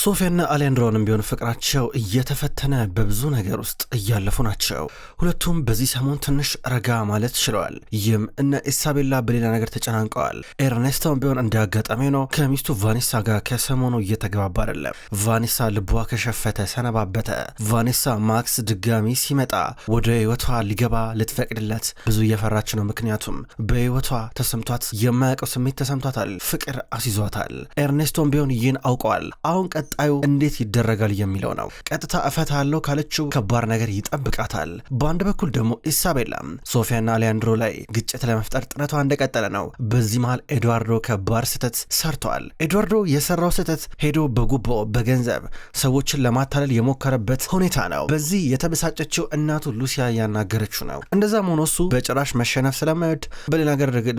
ሶፊያና አሌንድሮንም ቢሆን ፍቅራቸው እየተፈተነ በብዙ ነገር ውስጥ እያለፉ ናቸው። ሁለቱም በዚህ ሰሞን ትንሽ ረጋ ማለት ችለዋል። ይህም እነ ኢሳቤላ በሌላ ነገር ተጨናንቀዋል። ኤርኔስቶም ቢሆን እንደ አጋጣሚ ነው ከሚስቱ ቫኔሳ ጋር ከሰሞኑ እየተገባባ አይደለም። ቫኔሳ ልቧ ከሸፈተ ሰነባበተ። ቫኔሳ ማክስ ድጋሚ ሲመጣ ወደ ህይወቷ ሊገባ ልትፈቅድለት ብዙ እየፈራች ነው። ምክንያቱም በህይወቷ ተሰምቷት የማያውቀው ስሜት ተሰምቷታል። ፍቅር አስይዟታል። ኤርኔስቶም ቢሆን ይህን አውቀዋል። አሁን ቀጥ ቀጣዩ እንዴት ይደረጋል የሚለው ነው። ቀጥታ እፈታለሁ ካለችው ከባድ ነገር ይጠብቃታል። በአንድ በኩል ደግሞ ኢሳቤላ ሶፊያና አሊያንድሮ ላይ ግጭት ለመፍጠር ጥረቷ እንደቀጠለ ነው። በዚህ መሃል ኤድዋርዶ ከባድ ስህተት ሰርቷል። ኤድዋርዶ የሰራው ስህተት ሄዶ በጉቦ በገንዘብ ሰዎችን ለማታለል የሞከረበት ሁኔታ ነው። በዚህ የተበሳጨችው እናቱ ሉሲያ ያናገረችው ነው። እንደዛም ሆኖ እሱ በጭራሽ መሸነፍ ስለማይወድ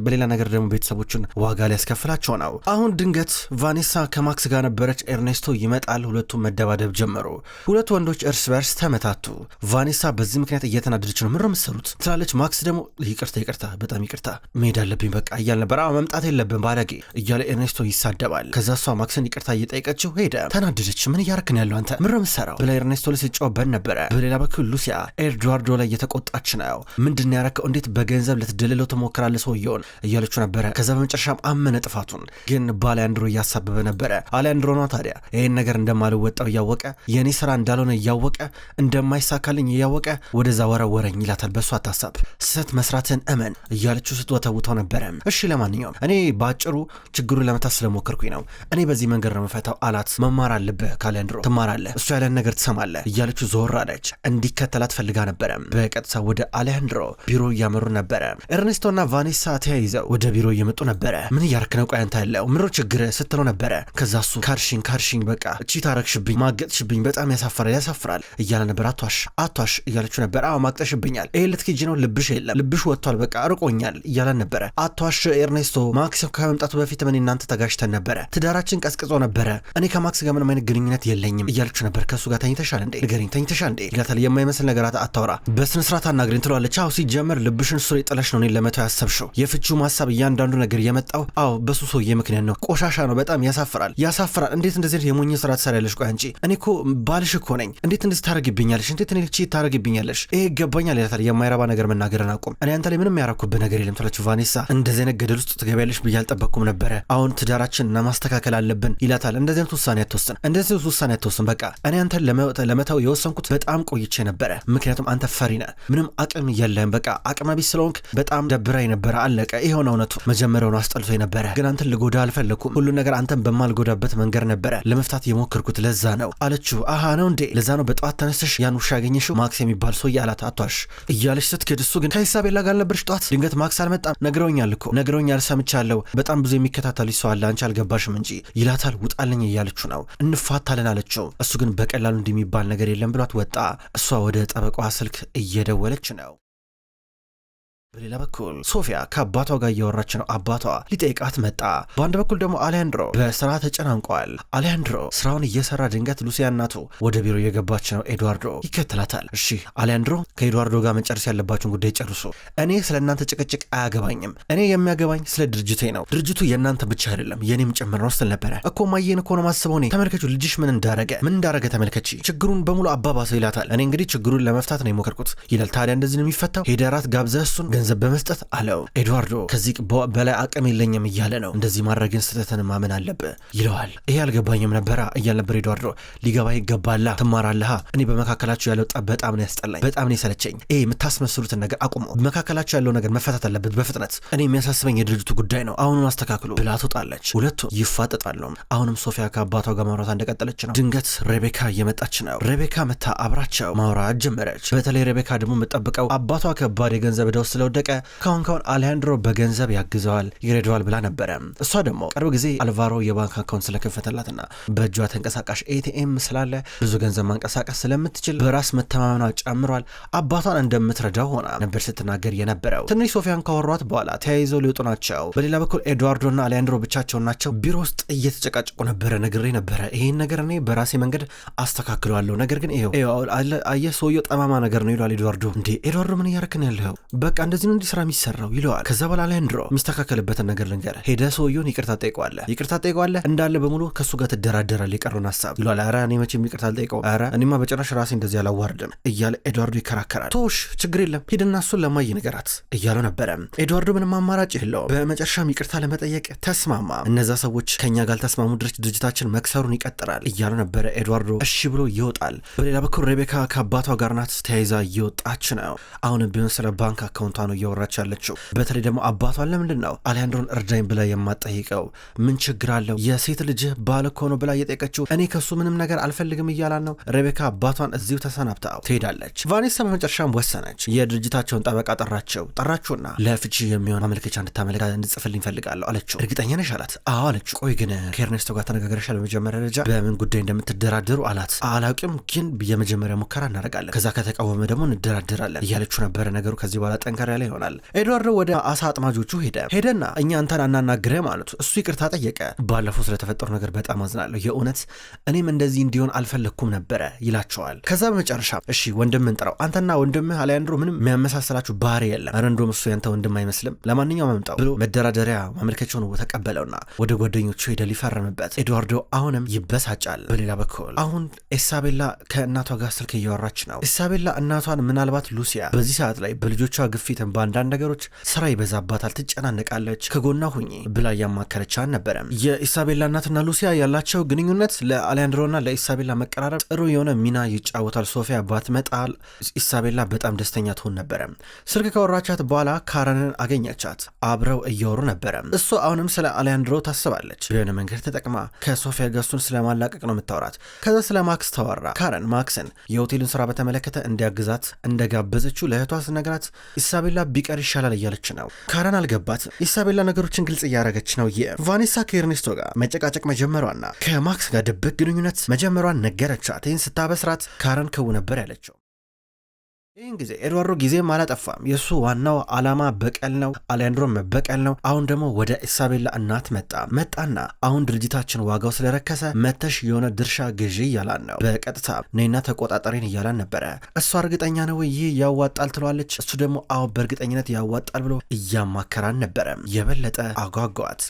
በሌላ ነገር ደግሞ ቤተሰቦቹን ዋጋ ሊያስከፍላቸው ነው። አሁን ድንገት ቫኔሳ ከማክስ ጋር ነበረች። ኤርኔስቶ ይመጣል። ሁለቱም መደባደብ ጀመሩ። ሁለቱ ወንዶች እርስ በርስ ተመታቱ። ቫኔሳ በዚህ ምክንያት እየተናደደች ነው። ምነው የምትሰሩት ትላለች። ማክስ ደግሞ ይቅርታ ይቅርታ፣ በጣም ይቅርታ፣ መሄድ አለብኝ በቃ እያል ነበር። መምጣት የለብን ባለጌ እያለ ኤርኔስቶ ይሳደባል። ከዛ እሷ ማክስን ይቅርታ እየጠየቀችው ሄደ። ተናደደች። ምን እያረክን ያለው አንተ ምነው የምትሰራው ብላ ኤርኔስቶ ላይ ስጫወበን ነበረ። በሌላ በኩል ሉሲያ ኤድዋርዶ ላይ እየተቆጣች ነው። ምንድን ያረከው? እንዴት በገንዘብ ልትደልለው ትሞክራለህ ሰውየውን እያለች ነበረ። ከዛ በመጨረሻም አመነ ጥፋቱን። ግን ባሊያንድሮ እያሳበበ ነበረ። አሊያንድሮ ኗ ታዲያ ይህን ነገር እንደማልወጣው እያወቀ የእኔ ስራ እንዳልሆነ እያወቀ እንደማይሳካልኝ እያወቀ ወደዛ ወረወረኝ ይላታል። በሱ አታሳብ፣ ስህተት መስራትን እመን እያለችው ስትወተውተው ነበረ። እሺ ለማንኛውም እኔ በአጭሩ ችግሩን ለመታት ስለሞከርኩኝ ነው። እኔ በዚህ መንገድ ነው መፈታው አላት። መማር አለብህ ካለንድሮ፣ ትማራለህ፣ እሱ ያለን ነገር ትሰማለህ እያለችው ዞር አለች። እንዲከተላት ፈልጋ ነበረ። በቀጥታ ወደ አሌሃንድሮ ቢሮ እያመሩ ነበረ። ኤርኔስቶና ቫኔሳ ተያይዘው ወደ ቢሮ እየመጡ ነበረ። ምን እያርክ ነው? ያለው ምድሮ ችግር ስትለው ነበረ። ከዛ እሱ ካርሽኝ ካርሽኝ በ በቃ እቺ ታረግሽብኝ፣ ማገጥሽብኝ፣ በጣም ያሳፍራል፣ ያሳፍራል እያለ ነበር። አቷሽ አቷሽ እያለችው ነበር። አዎ ማቅጠሽብኛል፣ ይሄ ልትክጂ ነው፣ ልብሽ የለም፣ ልብሽ ወጥቷል፣ በቃ ርቆኛል እያለ ነበረ። አቷሽ ኤርኔስቶ ማክስ ከመምጣቱ በፊት ምን እናንተ ተጋጅተን ነበረ፣ ትዳራችን ቀዝቅጾ ነበረ፣ እኔ ከማክስ ጋር ምንም አይነት ግንኙነት የለኝም እያለችው ነበር። ከእሱ ጋር ተኝተሻል እንዴ ንገሪኝ፣ ተኝተሻል እንዴ ይላታል። የማይመስል ነገራት አታውራ፣ በስነ ስርዓት አናግሪኝ ትለዋለች። አሁ ሲጀምር ልብሽን እሱ ላይ ጥለሽ ነው እኔን ለመተው ያሰብሽው። የፍቺው ሀሳብ እያንዳንዱ ነገር የመጣው አዎ በሱ ሰውዬ ምክንያት ነው። ቆሻሻ ነው፣ በጣም ያሳፍራል፣ ያሳፍራል። እንዴት እንደዚህ የሞኝ ያለኝን ስራ ትሰሪያለሽ። ቆይ አንቺ እኔ እኮ ባልሽ እኮ ነኝ። እንዴት እንደዚህ ታደርግብኛለሽ? እንዴት እኔ ታደርግብኛለሽ? ይሄ ይገባኛል ይላታል። የማይረባ ነገር መናገርን አቁም። እኔ አንተ ላይ ምንም ያራኩብህ ነገር የለም ትላችሁ ቫኔሳ። እንደዚህ አይነት ገደል ውስጥ ትገቢያለሽ ብዬ አልጠበቅኩም ነበረ። አሁን ትዳራችን እና ማስተካከል አለብን ይላታል። እንደዚህ አይነት ውሳኔ አትወስን፣ እንደዚህ አይነት ውሳኔ አትወስን። በቃ እኔ አንተን ለመተው የወሰንኩት በጣም ቆይቼ ነበረ። ምክንያቱም አንተ ፈሪ ነህ፣ ምንም አቅም የለህም። በቃ አቅመቢስ ስለሆንክ በጣም ደብራኝ ነበረ። አለቀ። ይሄውን እውነቱ መጀመሪያውን አስጠልቶ ነበረ፣ ግን አንተን ልጎዳ አልፈለግኩም። ሁሉን ነገር አንተን በማልጎዳበት መንገድ ነበረ ለመፍታት ለማጥፋት የሞከርኩት ለዛ ነው አለችው። አሃ ነው እንዴ? ለዛ ነው በጠዋት ተነስተሽ ያን ውሻ ያገኘሽው ማክስ የሚባል ሰው እያላት አቷሽ እያለች ስትክድ፣ እሱ ግን ከኢሳቤላ ጋር ነበርሽ ጠዋት? ድንገት ማክስ አልመጣም? ነግረውኛል እኮ ነግረውኛል፣ ሰምቻለሁ። በጣም ብዙ የሚከታተልሽ ሰው አለ፣ አንቺ አልገባሽም እንጂ ይላታል። ውጣልኝ እያለችው ነው። እንፋታለን አለችው። እሱ ግን በቀላሉ እንዲህ የሚባል ነገር የለም ብሏት ወጣ። እሷ ወደ ጠበቋ ስልክ እየደወለች ነው። በሌላ በኩል ሶፊያ ከአባቷ ጋር እያወራች ነው። አባቷ ሊጠይቃት መጣ። በአንድ በኩል ደግሞ አሊያንድሮ በስራ ተጨናንቋል። አሊያንድሮ ስራውን እየሰራ ድንገት ሉሲያ እናቱ ወደ ቢሮ እየገባች ነው። ኤድዋርዶ ይከተላታል። እሺ አሊያንድሮ ከኤድዋርዶ ጋር መጨረስ ያለባችሁን ጉዳይ ጨርሱ። እኔ ስለ እናንተ ጭቅጭቅ አያገባኝም። እኔ የሚያገባኝ ስለ ድርጅቴ ነው። ድርጅቱ የእናንተ ብቻ አይደለም የእኔም ጭምር ነው ስል ነበረ እኮ ማየን እኮ ነው ማስበው። እኔ ተመልከቹ፣ ልጅሽ ምን እንዳረገ ምን እንዳረገ ተመልከች። ችግሩን በሙሉ አባባሰው ይላታል። እኔ እንግዲህ ችግሩን ለመፍታት ነው የሞከርኩት ይላል። ታዲያ እንደዚህ ነው የሚፈታው? ሄደራት ራት እሱን ገንዘብ በመስጠት አለው። ኤድዋርዶ ከዚህ በላይ አቅም የለኝም እያለ ነው። እንደዚህ ማድረግን ስህተትን ማመን አለብህ ይለዋል። ይሄ አልገባኝም ነበራ እያል ነበር ኤድዋርዶ። ሊገባ ይገባላ፣ ትማራለሃ። እኔ በመካከላቸው ያለው ጠብ በጣም ነው ያስጠላኝ፣ በጣም ነው የሰለቸኝ። ይሄ የምታስመስሉትን ነገር አቁመው፣ መካከላቸው ያለው ነገር መፈታት አለበት በፍጥነት። እኔ የሚያሳስበኝ የድርጅቱ ጉዳይ ነው፣ አሁኑን አስተካክሉ ብላ ትወጣለች። ሁለቱም ይፋጠጣሉ። አሁንም ሶፊያ ከአባቷ ጋር ማውራቷ እንደቀጠለች ነው። ድንገት ሬቤካ እየመጣች ነው። ሬቤካ መታ አብራቸው ማውራት ጀመረች። በተለይ ሬቤካ ደግሞ የምጠብቀው አባቷ ከባድ የገንዘብ ደውስ ስለው ወደቀ። ካሁን ካሁን አሌሃንድሮ በገንዘብ ያግዘዋል ይረዳዋል ብላ ነበረ። እሷ ደግሞ ቅርብ ጊዜ አልቫሮ የባንክ አካውንት ስለከፈተላትና በእጇ ተንቀሳቃሽ ኤቲኤም ስላለ ብዙ ገንዘብ ማንቀሳቀስ ስለምትችል በራስ መተማመኗ ጨምሯል። አባቷን እንደምትረዳው ሆና ነበር ስትናገር የነበረው። ትንሽ ሶፊያን ካወሯት በኋላ ተያይዘው ሊወጡ ናቸው። በሌላ በኩል ኤድዋርዶና አሌሃንድሮ ብቻቸውን ናቸው። ቢሮ ውስጥ እየተጨቃጨቁ ነበረ። ነግሬ ነበረ ይህን ነገር እኔ በራሴ መንገድ አስተካክለዋለሁ። ነገር ግን ይኸው አየ ሰውየው ጠማማ ነገር ነው ይሏል ኤድዋርዶ። እንዴ ኤድዋርዶ ምን እያረክን ያለው በቃ ስለዚህ ነው እንዲህ ስራ የሚሰራው ይለዋል። ከዛ በኋላ ላይ አንድሮ የሚስተካከልበትን ነገር ልንገርህ፣ ሄደ ሰውየውን ይቅርታ ጠይቀዋለህ፣ ይቅርታ ጠይቀዋለህ እንዳለ በሙሉ ከእሱ ጋር ትደራደራል የቀረውን ሀሳብ ይለዋል። ኧረ እኔ መቼም ይቅርታ አልጠይቀውም፣ ኧረ እኔማ በጭራሽ ራሴ እንደዚህ አላዋርድም እያለ ኤድዋርዶ ይከራከራል። ቶሽ ችግር የለም ሂድና እሱን ለማየ ነገራት እያለው ነበረ። ኤድዋርዶ ምንም አማራጭ የለውም። በመጨረሻም ይቅርታ ለመጠየቅ ተስማማ። እነዛ ሰዎች ከእኛ ጋር ተስማሙ ድርጅት ድርጅታችን መክሰሩን ይቀጥላል እያለው ነበረ። ኤድዋርዶ እሺ ብሎ ይወጣል። በሌላ በኩል ሬቤካ ከአባቷ ጋር ናት ተያይዛ እየወጣች ነው። አሁንም ቢሆን ስለ ባንክ አካውንቷ ነው እየወራች ያለችው። በተለይ ደግሞ አባቷን ለምንድን ነው አሊያንድሮን እርዳኝ ብላ የማጠይቀው? ምን ችግር አለው? የሴት ልጅህ ባል እኮ ነው ብላ እየጠየቀችው፣ እኔ ከሱ ምንም ነገር አልፈልግም እያላን ነው። ሬቤካ አባቷን እዚሁ ተሰናብታ ትሄዳለች። ቫኔሳ በመጨረሻም ወሰነች። የድርጅታቸውን ጠበቃ ጠራቸው። ጠራችሁና ለፍቺ የሚሆን ማመልከቻ እንድታመለክ እንድጽፍልኝ ፈልጋለሁ አለችው። እርግጠኛ ነሽ አላት። አዎ አለችው። ቆይ ግን ከኤርኔስቶ ጋር ተነጋግረሻል? በመጀመሪያ ደረጃ በምን ጉዳይ እንደምትደራደሩ አላት። አላውቅም፣ ግን የመጀመሪያ ሙከራ እናደርጋለን፣ ከዛ ከተቃወመ ደግሞ እንደራደራለን እያለችው ነበረ። ነገሩ ከዚህ በኋላ ጠንካራ የተባለ ይሆናል። ኤድዋርዶ ወደ አሳ አጥማጆቹ ሄደ። ሄደና እኛ አንተን አናናግረህ ማለቱ እሱ ይቅርታ ጠየቀ። ባለፈው ስለተፈጠሩ ነገር በጣም አዝናለሁ፣ የእውነት እኔም እንደዚህ እንዲሆን አልፈለግኩም ነበረ ይላቸዋል። ከዛ በመጨረሻ እሺ ወንድም እንጥራው፣ አንተና ወንድምህ አሊያንድሮ ምንም የሚያመሳሰላችሁ ባህሪ የለም፣ ኧረ እንደውም እሱ ያንተ ወንድም አይመስልም፣ ለማንኛውም አምጣው ብሎ መደራደሪያ ማመልከቻውን ተቀበለውና ወደ ጓደኞቹ ሄደ ሊፈርምበት። ኤድዋርዶ አሁንም ይበሳጫል። በሌላ በኩል አሁን ኢሳቤላ ከእናቷ ጋር ስልክ እያወራች ነው። ኢሳቤላ እናቷን ምናልባት ሉሲያ በዚህ ሰዓት ላይ በልጆቿ ግፊት ሴትም በአንዳንድ ነገሮች ስራ ይበዛባታል፣ ትጨናነቃለች፣ ከጎና ሁኝ ብላ እያማከረች አልነበረም። የኢሳቤላ እናትና ሉሲያ ያላቸው ግንኙነት ለአሊያንድሮና ለኢሳቤላ መቀራረብ ጥሩ የሆነ ሚና ይጫወታል። ሶፊያ ባትመጣ ኢሳቤላ በጣም ደስተኛ ትሆን ነበረ። ስልክ ካወራቻት በኋላ ካረንን አገኘቻት። አብረው እያወሩ ነበረ። እሱ አሁንም ስለ አሊያንድሮ ታስባለች። የሆነ መንገድ ተጠቅማ ከሶፊያ ገሱን ስለማላቀቅ ነው የምታወራት። ከዛ ስለ ማክስ ተወራ። ካረን ማክስን የሆቴሉን ስራ በተመለከተ እንዲያግዛት እንደጋበዘችው ለእህቷ ስነግራት ኢሳቤላ ቢቀር ይሻላል እያለች ነው። ካረን አልገባትም። ኢሳቤላ ነገሮችን ግልጽ እያደረገች ነው። የቫኔሳ ከኤርኔስቶ ጋር መጨቃጨቅ መጀመሯና ከማክስ ጋር ድብቅ ግንኙነት መጀመሯን ነገረቻት። ይህን ስታበስራት ካረን ከው ነበር ያለችው። ይህን ጊዜ ኤድዋርዶ ጊዜም አላጠፋም። የእሱ ዋናው ዓላማ በቀል ነው፣ አሊያንድሮን መበቀል ነው። አሁን ደግሞ ወደ ኢሳቤላ እናት መጣ መጣና አሁን ድርጅታችን ዋጋው ስለረከሰ መተሽ የሆነ ድርሻ ግዢ እያላን ነው። በቀጥታ ነይና ተቆጣጠሬን እያላን ነበረ። እሷ እርግጠኛ ነው ይህ ያዋጣል ትሏለች። እሱ ደግሞ አሁን በእርግጠኝነት ያዋጣል ብሎ እያማከራን ነበረ። የበለጠ አጓጓት።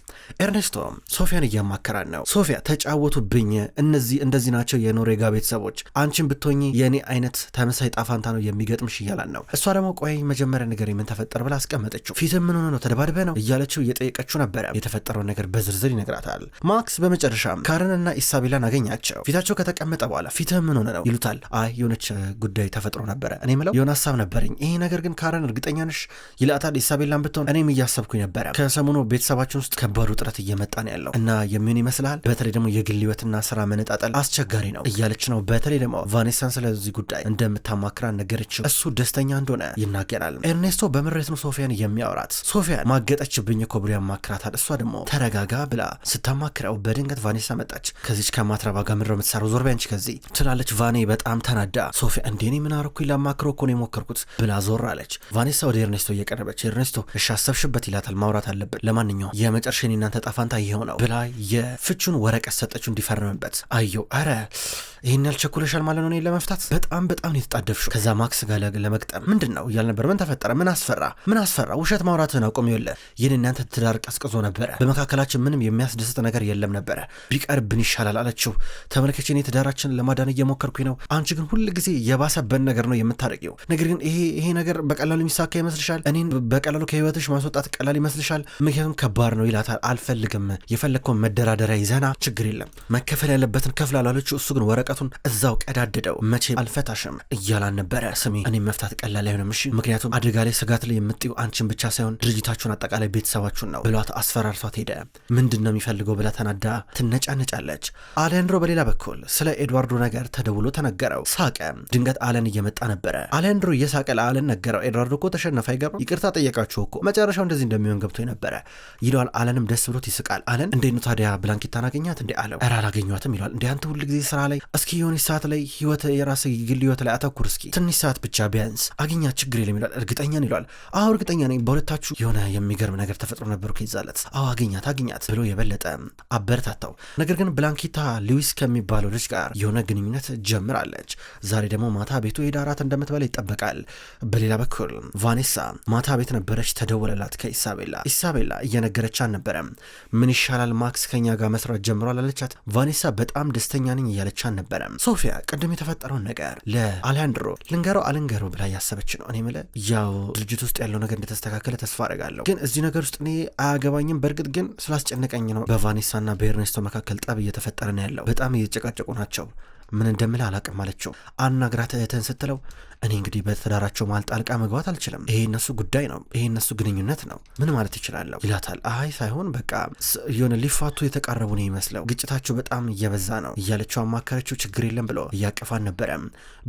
ኤርኔስቶ ሶፊያን እያማከራን ነው። ሶፊያ ተጫወቱብኝ፣ እነዚህ እንደዚህ ናቸው የኖሬጋ ቤተሰቦች። አንቺን ብትሆኚ የእኔ አይነት ተመሳይ ጣፋንታ ነው የሚገ ልገጥምሽ እያላን ነው። እሷ ደግሞ ቆይ መጀመሪያ ነገር ምን ተፈጠረ ብላ አስቀመጠችው። ፊትም ምን ሆነ ነው ተደባድበ ነው እያለችው እየጠየቀችው ነበረ። የተፈጠረውን ነገር በዝርዝር ይነግራታል። ማክስ በመጨረሻም ካረንና ኢሳቤላን አገኛቸው። ፊታቸው ከተቀመጠ በኋላ ፊትህ ምን ሆነ ነው ይሉታል። አይ የሆነች ጉዳይ ተፈጥሮ ነበረ እኔ ምለው የሆነ ሀሳብ ነበረኝ ይሄ ነገር ግን ካረን እርግጠኛ ነሽ ይላታል። ኢሳቤላን ብትሆን እኔም እያሰብኩኝ ነበረ። ከሰሞኑ ቤተሰባችን ውስጥ ከባድ ውጥረት እየመጣ ነው ያለው እና የሚሆን ይመስልሃል? በተለይ ደግሞ የግል ህይወትና ስራ መነጣጠል አስቸጋሪ ነው እያለች ነው። በተለይ ደግሞ ቫኔሳን ስለዚህ ጉዳይ እንደምታማክራ ነገረች። እሱ ደስተኛ እንደሆነ ይናገራል። ኤርኔስቶ በምሬት ነው ሶፊያን የሚያወራት። ሶፊያን ማገጠችብኝ እኮ ብሎ ያማክራታል። እሷ ደግሞ ተረጋጋ ብላ ስታማክረው በድንገት ቫኔሳ መጣች። ከዚች ከማትረባ ጋር ምድረ የምትሰራው ዞር ቢያንች ከዚህ ትላለች። ቫኔ በጣም ተናዳ ሶፊያ እንዴኔ ምን አረኩኝ ላማክረው እኮ ነው የሞከርኩት ብላ ዞር አለች። ቫኔሳ ወደ ኤርኔስቶ እየቀረበች ኤርኔስቶ እሺ አሰብሽበት ይላታል። ማውራት አለብን፣ ለማንኛውም የመጨረሻን እናንተ ጣፋንታ ይኸው ነው ብላ የፍቹን ወረቀት ሰጠችው እንዲፈርምበት። አየው አረ ይህን ያልቸኩለሻል ማለት ነው ለመፍታት በጣም በጣም ነው የተጣደፍሽው። ከዛ ማክስ ጋር ለመግጠም ምንድን ነው እያል ነበር። ምን ተፈጠረ? ምን አስፈራ? ምን አስፈራ? ውሸት ማውራትህን አቁም። የለ ይህን እናንተ ትዳር ቀዝቅዞ ነበረ። በመካከላችን ምንም የሚያስደስት ነገር የለም ነበረ። ቢቀርብን ይሻላል አለችው። ተመልከች፣ እኔ ትዳራችን ለማዳን እየሞከርኩኝ ነው። አንቺ ግን ሁል ጊዜ የባሰበን ነገር ነው የምታደርጊው። ነገር ግን ይሄ ይሄ ነገር በቀላሉ የሚሳካ ይመስልሻል? እኔን በቀላሉ ከህይወትሽ ማስወጣት ቀላል ይመስልሻል? ምክንያቱም ከባድ ነው ይላታል። አልፈልግም። የፈለግከውን መደራደሪያ ይዘና ችግር የለም መከፈል ያለበትን ከፍላል አለችው። እሱ ግን ወረቀቱን እዛው ቀዳድደው መቼ አልፈታሽም እያላን ነበረ። ስሚ እኔ መፍታት ቀላል አይሆንም። እሺ ምክንያቱም አደጋ ላይ ስጋት ላይ የምጥዩ አንቺን ብቻ ሳይሆን ድርጅታችሁን አጠቃላይ ቤተሰባችሁን ነው ብሏት አስፈራርቷት ሄደ። ምንድን ነው የሚፈልገው ብላ ተናዳ ትነጫነጫለች። አሊያንድሮ በሌላ በኩል ስለ ኤድዋርዶ ነገር ተደውሎ ተነገረው። ሳቀ። ድንገት አለን እየመጣ ነበረ። አሊያንድሮ እየሳቀ ለአለን ነገረው። ኤድዋርዶ እኮ ተሸነፈ አይገባ ይቅርታ ጠየቃችሁ እኮ መጨረሻው እንደዚህ እንደሚሆን ገብቶ ነበረ ይለዋል። አለንም ደስ ብሎት ይስቃል። አለን እንዴት ነው ታዲያ ብላንኪታን አገኛት እንዴ አለው። ኧረ አላገኟትም ይለዋል። እንዴ አንተ ሁልጊዜ ስራ ላይ እስኪ የሆነች ሰዓት ላይ ህይወት የራስ ግል ህይወት ላይ አተኩር እስኪ ትንሽ ሰዓት ብቻ ቢያንስ አገኛት ችግር የለም ይሏል። እርግጠኛ ነው ይሏል። አዎ እርግጠኛ ነኝ በሁለታችሁ የሆነ የሚገርም ነገር ተፈጥሮ ነበሩ ከይዛለት አዎ አገኛት አገኛት ብሎ የበለጠ አበረታታው። ነገር ግን ብላንኪታ ሉዊስ ከሚባለው ልጅ ጋር የሆነ ግንኙነት ጀምራለች። ዛሬ ደግሞ ማታ ቤቱ ሄዳ እራት እንደምትበላ ይጠበቃል። በሌላ በኩል ቫኔሳ ማታ ቤት ነበረች። ተደወለላት ከኢሳቤላ ኢሳቤላ እየነገረች አልነበረም። ምን ይሻላል ማክስ ከኛ ጋር መስራት ጀምሯል አለቻት። ቫኔሳ በጣም ደስተኛ ነኝ እያለች አልነበረም። ሶፊያ ቅድም የተፈጠረውን ነገር ለአሌሃንድሮ ልንገረው ልንገሩ ብላ እያሰበች ነው። እኔ ምለ ያው ድርጅት ውስጥ ያለው ነገር እንደተስተካከለ ተስፋ አደርጋለሁ፣ ግን እዚህ ነገር ውስጥ እኔ አያገባኝም። በእርግጥ ግን ስላስጨነቀኝ ነው። በቫኔሳና በኤርኔስቶ መካከል ጠብ እየተፈጠረ ነው ያለው። በጣም እየተጨቃጨቁ ናቸው። ምን እንደምል አላቅም አለችው። አናግራት እህትህን ስትለው እኔ እንግዲህ በትዳራቸው መሃል ጣልቃ መግባት አልችልም። ይሄ እነሱ ጉዳይ ነው፣ ይሄ እነሱ ግንኙነት ነው። ምን ማለት ይችላለሁ ይላታል። አይ ሳይሆን በቃ የሆነ ሊፋቱ የተቃረቡ ነው ይመስለው፣ ግጭታቸው በጣም እየበዛ ነው እያለችው አማከረችው። ችግር የለም ብሎ እያቀፋን ነበረ።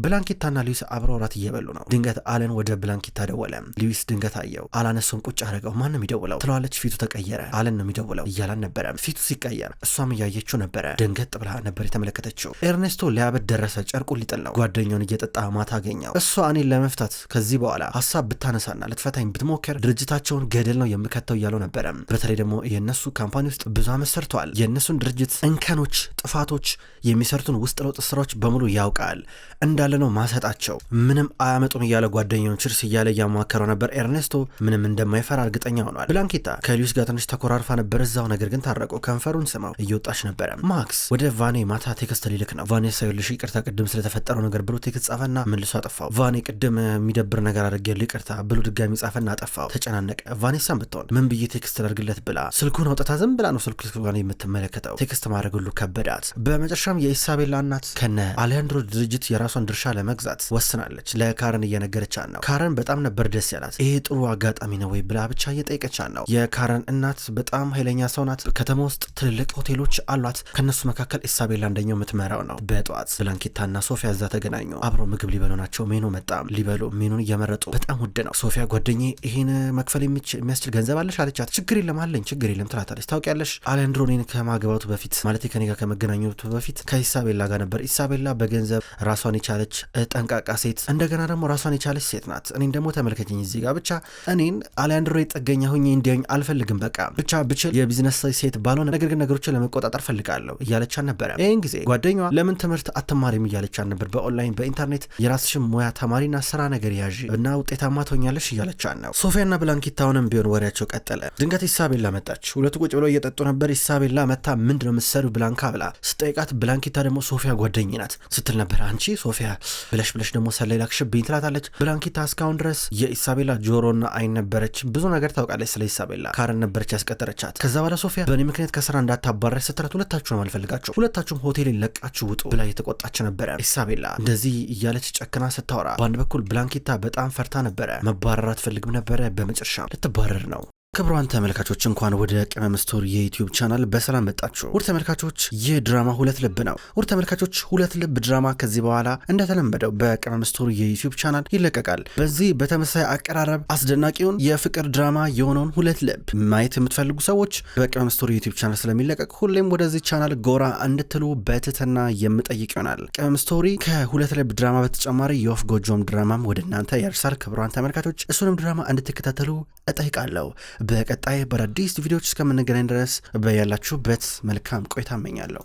ብላንኬታና ሉዊስ አብረው እራት እየበሉ ነው። ድንገት አለን ወደ ብላንኬታ ደወለ። ሉዊስ ድንገት አየው። አላነሱን ቁጭ አደረገው። ማን ነው የሚደውለው ትለዋለች። ፊቱ ተቀየረ። አለን ነው የሚደውለው እያላን ነበረ። ፊቱ ሲቀየር እሷም እያየችው ነበረ። ድንገት ብላ ነበር የተመለከተችው። ኤርኔስቶ ሊያበድ ደረሰ። ጨርቁ ሊጥል ነው። ጓደኛውን እየጠጣ ማታ አገኘው። እሷ እኔን ለመፍታት ከዚህ በኋላ ሀሳብ ብታነሳና ልትፈታኝ ብትሞክር ድርጅታቸውን ገደል ነው የምከተው እያለው ነበረ። በተለይ ደግሞ የእነሱ ካምፓኒ ውስጥ ብዙ አመት ሰርተዋል። የእነሱን ድርጅት እንከኖች፣ ጥፋቶች፣ የሚሰሩትን ውስጥ ለውጥ ስራዎች በሙሉ ያውቃል። እንዳለ ነው ማሰጣቸው፣ ምንም አያመጡም እያለ ጓደኛውን ችርስ እያለ እያማከረው ነበር። ኤርኔስቶ ምንም እንደማይፈራ እርግጠኛ ሆኗል። ብላንኬታ ከሊዩስ ጋር ትንሽ ተኮራርፋ ነበር እዛው፣ ነገር ግን ታረቁ። ከንፈሩን ስማው እየወጣች ነበረ። ማክስ ወደ ቫኔ ማታ ቴክስት ሊልክ ነው። ቫኔ ሳይልሽ ይቅርታ ቅድም ስለተፈጠረው ነገር ብሎ ቴክስት ጻፈና መልሶ አጠፋው። ቫኔ ቅድም የሚደብር ነገር አድርጌልህ ይቅርታ ብሎ ድጋሚ ጻፈና ጠፋው። ተጨናነቀ። ቫኔሳም ብትሆን ምን ብዬ ቴክስት ላድርግለት ብላ ስልኩን አውጥታ ዝም ብላ ነው ስልኩ ስልኳን የምትመለከተው። ቴክስት ማድረግ ሁሉ ከበዳት። በመጨረሻም የኢሳቤላ እናት ከነ አሌሃንድሮ ድርጅት የራሷን ድርሻ ለመግዛት ወስናለች። ለካረን እየነገረቻት ነው። ካረን በጣም ነበር ደስ ያላት። ይሄ ጥሩ አጋጣሚ ነው ወይ ብላ ብቻ እየጠየቀቻት ነው። የካረን እናት በጣም ኃይለኛ ሰው ናት። ከተማ ውስጥ ትልልቅ ሆቴሎች አሏት። ከነሱ መካከል ኢሳቤላ አንደኛው የምትመራው ነው። በጠዋት ብላንኪታና ሶፊያ እዛ ተገናኙ። አብረው ምግብ ሊበሉ ናቸው። ሚኑ መጣ። ሊበሉ ሚኑን እየመረጡ በጣም ውድ ነው። ሶፊያ ጓደኛዬ ይህን መክፈል የሚያስችል ገንዘብ አለሽ አለቻት። ችግር የለም አለኝ፣ ችግር የለም ትላታለች። ታውቂያለሽ አሌንድሮ እኔን ከማግባቱ በፊት ማለት ከኔ ጋር ከመገናኘቱ በፊት ከኢሳቤላ ጋር ነበር። ኢሳቤላ በገንዘብ ራሷን የቻለች ጠንቃቃ ሴት፣ እንደገና ደግሞ ራሷን የቻለች ሴት ናት። እኔን ደግሞ ተመልከተኝ እዚህ ጋር ብቻ እኔን አሌንድሮ ጥገኛ ሁኜ እንዲያኝ አልፈልግም። በቃ ብቻ ብችል የቢዝነስ ሴት ባልሆነ ነገር ግን ነገሮችን ለመቆጣጠር ፈልጋለሁ እያለቻን ነበረ። ይህን ጊዜ ጓደኛዋ ለምን ትምህርት አትማሪም እያለቻን ነበር። በኦንላይን በኢንተርኔት የራስሽን ሙያ ተማሪና ስራ ነገር ያዥ እና ውጤታማ ትሆኛለሽ እያለቻን ነው። ሶፊያና ብላንኪታውንም ቢሆን ወሬያቸው ቀጠለ። ድንገት ኢሳቤላ መጣች። ሁለቱ ቁጭ ብለው እየጠጡ ነበር። ኢሳቤላ መታ ምንድነው ነው ብላንካ ብላ ስጠይቃት፣ ብላንኪታ ደግሞ ሶፊያ ጓደኝ ናት ስትል ነበር። አንቺ ሶፊያ ብለሽ ብለሽ ደግሞ ሰላይ ላክሽብኝ ትላታለች። ብላንኪታ እስካሁን ድረስ የኢሳቤላ ጆሮና አይን ነበረች። ብዙ ነገር ታውቃለች ስለ ኢሳቤላ። ካረን ነበረች ያስቀጠረቻት። ከዛ በኋላ ሶፊያ በእኔ ምክንያት ከስራ እንዳታባረች ስትላት፣ ነው አልፈልጋቸው፣ ሁለታችሁም ሆቴል ለቃችሁ ውጡ ብላ እየተቆጣች ነበረ። ኢሳቤላ እንደዚህ እያለች ጨክና ስታወራ ስታወራ በአንድ በኩል ብላንኪታ በጣም ፈርታ ነበረ። መባረር አትፈልግም ነበረ። በመጨረሻ ልትባረር ነው። ክብሯን ተመልካቾች እንኳን ወደ ቅመም ስቶር የዩቲዩብ ቻናል በሰላም መጣችሁ። ውድ ተመልካቾች ይህ ድራማ ሁለት ልብ ነው። ውድ ተመልካቾች ሁለት ልብ ድራማ ከዚህ በኋላ እንደተለመደው በቅመም ስቶር የዩቲዩብ ቻናል ይለቀቃል። በዚህ በተመሳሳይ አቀራረብ አስደናቂውን የፍቅር ድራማ የሆነውን ሁለት ልብ ማየት የምትፈልጉ ሰዎች በቅመም ስቶር የዩቲዩብ ቻናል ስለሚለቀቅ ሁሌም ወደዚህ ቻናል ጎራ እንድትሉ በትህትና የምጠይቅ ይሆናል። ቅመም ስቶሪ ከሁለት ልብ ድራማ በተጨማሪ የወፍ ጎጆም ድራማም ወደ እናንተ ያርሳል። ክብሯን ተመልካቾች እሱንም ድራማ እንድትከታተሉ እጠይቃለሁ። በቀጣይ በአዳዲስ ቪዲዮዎች እስከምንገናኝ ድረስ በያላችሁበት መልካም ቆይታ እመኛለሁ።